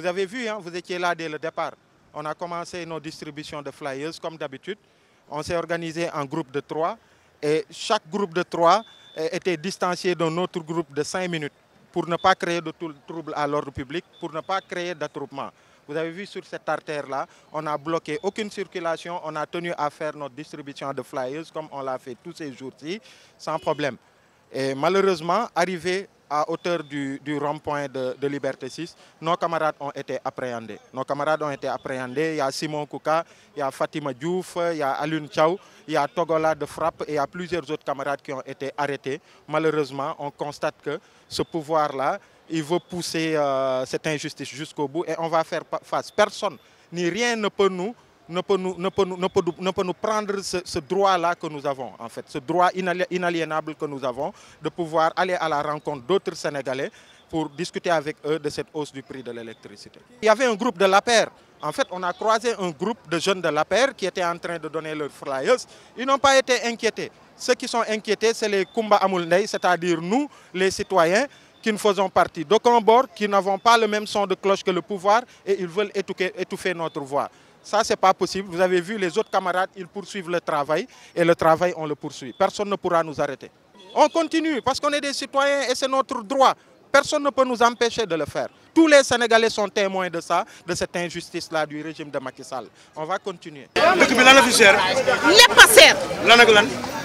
Vous avez vu, hein, vous étiez là dès le départ. On a commencé nos distributions de flyers comme d'habitude. On s'est organisé en groupe de trois et chaque groupe de trois eh, était distancié d'un autre groupe de cinq minutes pour ne pas créer de troubles à l'ordre public, pour ne pas créer d'attroupement. Vous avez vu sur cette artère-là, on a bloqué aucune circulation, on a tenu à faire notre distribution de flyers comme on l'a fait tous ces jours-ci, sans problème. Et malheureusement, arrivé à hauteur du, du rond-point de, de, Liberté 6, nos camarades ont été appréhendés. Nos camarades ont été appréhendés. Il y a Simon Kouka, il y a Fatima Diouf, il y a Alun Tchao, il y a Togola de Frappe et il y a plusieurs autres camarades qui ont été arrêtés. Malheureusement, on constate que ce pouvoir-là, il veut pousser euh, cette injustice jusqu'au bout et on va faire face. Personne ni rien ne peut nous ne peut nous, prendre ce, droit-là que nous avons, en fait, ce droit inaliénable que nous avons de pouvoir aller à la rencontre d'autres Sénégalais pour discuter avec eux de cette hausse du prix de l'électricité. Il y avait un groupe de la paire. En fait, on a croisé un groupe de jeunes de la paire qui étaient en train de donner leurs flyers. Ils n'ont pas été inquiétés. Ceux qui sont inquiétés, c'est les Kumba Amulnei, c'est-à-dire nous, les citoyens, qui ne faisons partie d'aucun bord, qui n'avons pas le même son de cloche que le pouvoir et ils veulent étouffer notre voix. Ça, ce n'est pas possible. Vous avez vu, les autres camarades, ils poursuivent le travail et le travail, on le poursuit. Personne ne pourra nous arrêter. On continue parce qu'on est des citoyens et c'est notre droit. Personne ne peut nous empêcher de le faire. Tous les Sénégalais sont témoins de ça, de cette injustice-là du régime de Macky Sall. On va continuer.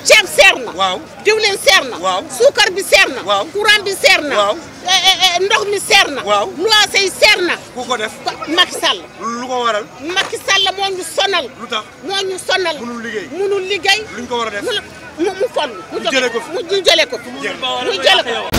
ceeb seer na. waaw diwlin seer na. waaw suukar bi seer na. waaw courant bi seer na. waaw eh, eh, eh, ndox mi seer na. waaw loise yi seer na. ku ko def Macky Sall. lu ko waral. Macky Sall moo ñu sonal. lu tax moo ñu sonal. munul liggéey munul liggéey. luñ ko war a def mu mu fon. mu jëlee ko mu jëlee ko fi. mu jëlee ko